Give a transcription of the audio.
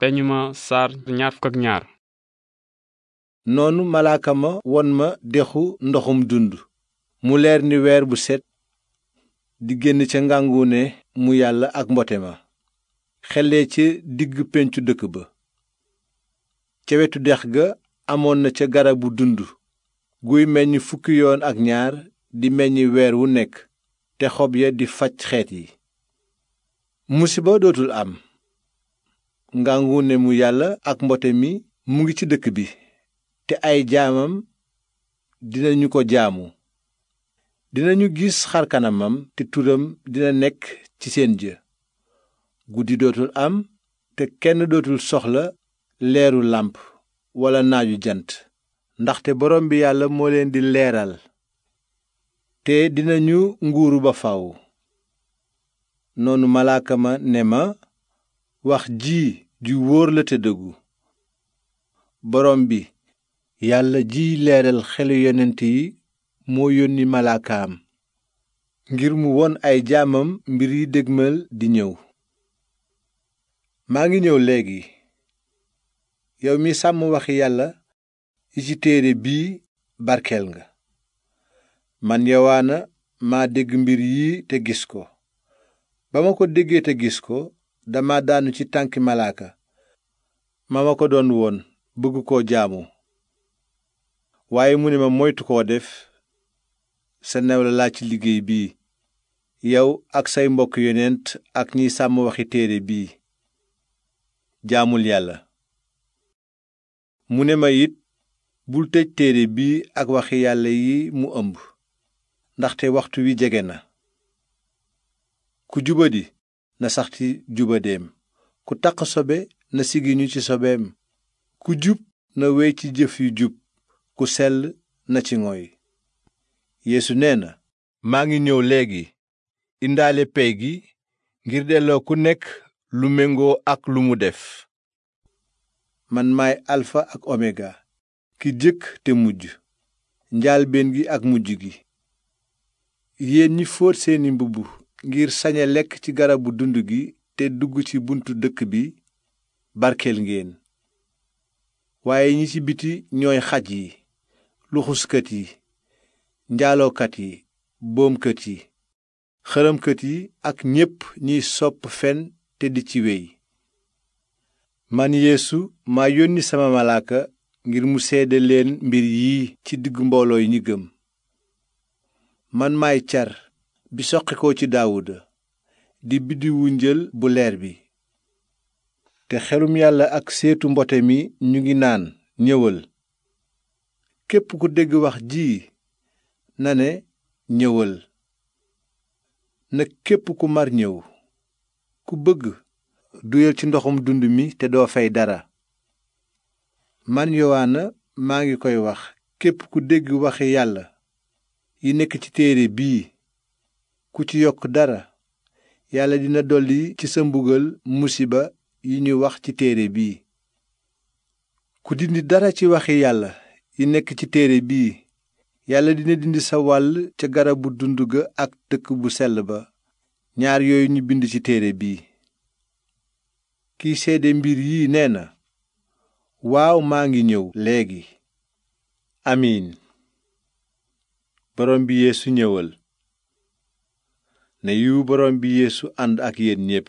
peñuma saar ñaar fukk noonu malaaka ma won ma dexu ndoxum dund mu leer ni weer bu set di génn ca ngànguune mu yàlla ak mbote ma xellee ca diggu péncu dëkk ba ca wetu dex ga amoon na ca garabu dund guy meññ fukki yoon ak ñaar di meññ weer wu nekk te xob ya di faj xeet yi musiba dootul am ngàngune mu yàlla ak mbote mi mu ngi ci dëkk bi te ay jaamam dinañu ko jaamu dinañu gis xarkanamam te turam dina nekk ci seen jë guddi dootul am te kenn dootul soxla leeru làmp walla naaju jant ndaxte borom bi yàlla moo leen di leeral te dina ñu nguuru ba faw noonu malaaka ma ne ma wax ji ju wóor la te dëggu borom bi yàlla jiy leeral xelu yonent yi moo yónni malaakaam ngir mu won ay jaamam mbir yi dégmal di ñëw maa ngi ñëw léegi yow mi sàmm wax yàlla yi ci téere bii barkeel nga man yowaana maa dégg mbir yii te gis ko ba ma ko déggee te gis ko dama daanu ci tànki malaaka ma ma ko doon woon bëgg koo jaamu waaye mu ne ma moytu koo def sa nawle ci liggéey bii yow ak say mbokk yonent ak ñiy sàmm waxi téere bii jaamul yàlla mu ne ma it bul tëj téere bii ak waxi yàlla yi mu ëmb ndaxte waxtu wi jege na ku juba jubadi na sax ci jubadeem ku takk sobe na sigiñu ci sobeem ku jub na wey ci jëf yu jub ku sell na ci ngoy yeesu nee na maa ngi ñëw léegi indaale pey gi ngir delloo ku nekk lu méngoo ak lu mu def man maay alfa ak omega ki jëkk te mujj njaalbeen gi ak mujj gi yéen ñi fóot seeni mbubb ngir saña lekk ci garabu dund gi te dugg ci buntu dëkk bi barkeel ngeen waaye ñi ci biti ñooy xaj yi luxuskat yi njaalookat yi boomkat yi xërëmkat yi ak ñépp ñiy sopp fen te di ci wey man yéesu maa yónni sama malaaka ngir mu seede leen mbir yii ci diggu mbooloo yi ñi gëm man maay bi soqikoo ci daawuda di biddiwu njël bu leer bi te xelum yàlla ak seetu mbote mi ñu ngi naan ñëwal képp ku dégg wax ji na ne ñëwal na képp ku mar ñëw ku bëgg duyal ci ndoxum dund mi te doo fay dara man yowaana maa ngi koy wax képp ku dégg waxi yàlla yi nekk ci téere bi ku ci yokk dara yàlla dina dolli ci sa mbugal musiba yi ñu wax ci téere bii ku dindi dara ci waxi yàlla yi nekk ci téere bii yàlla dina dindi sa wàll ca garabu dund ga ak dëkk bu sell ba ñaar yooyu ñu bind ci téere bii kiy seede mbir yi nee na waaw maa ngi ñëw léegi amiin borom bi yeesu ñëwal ne yiwu borom bi yéesu ànd ak yéen ñépp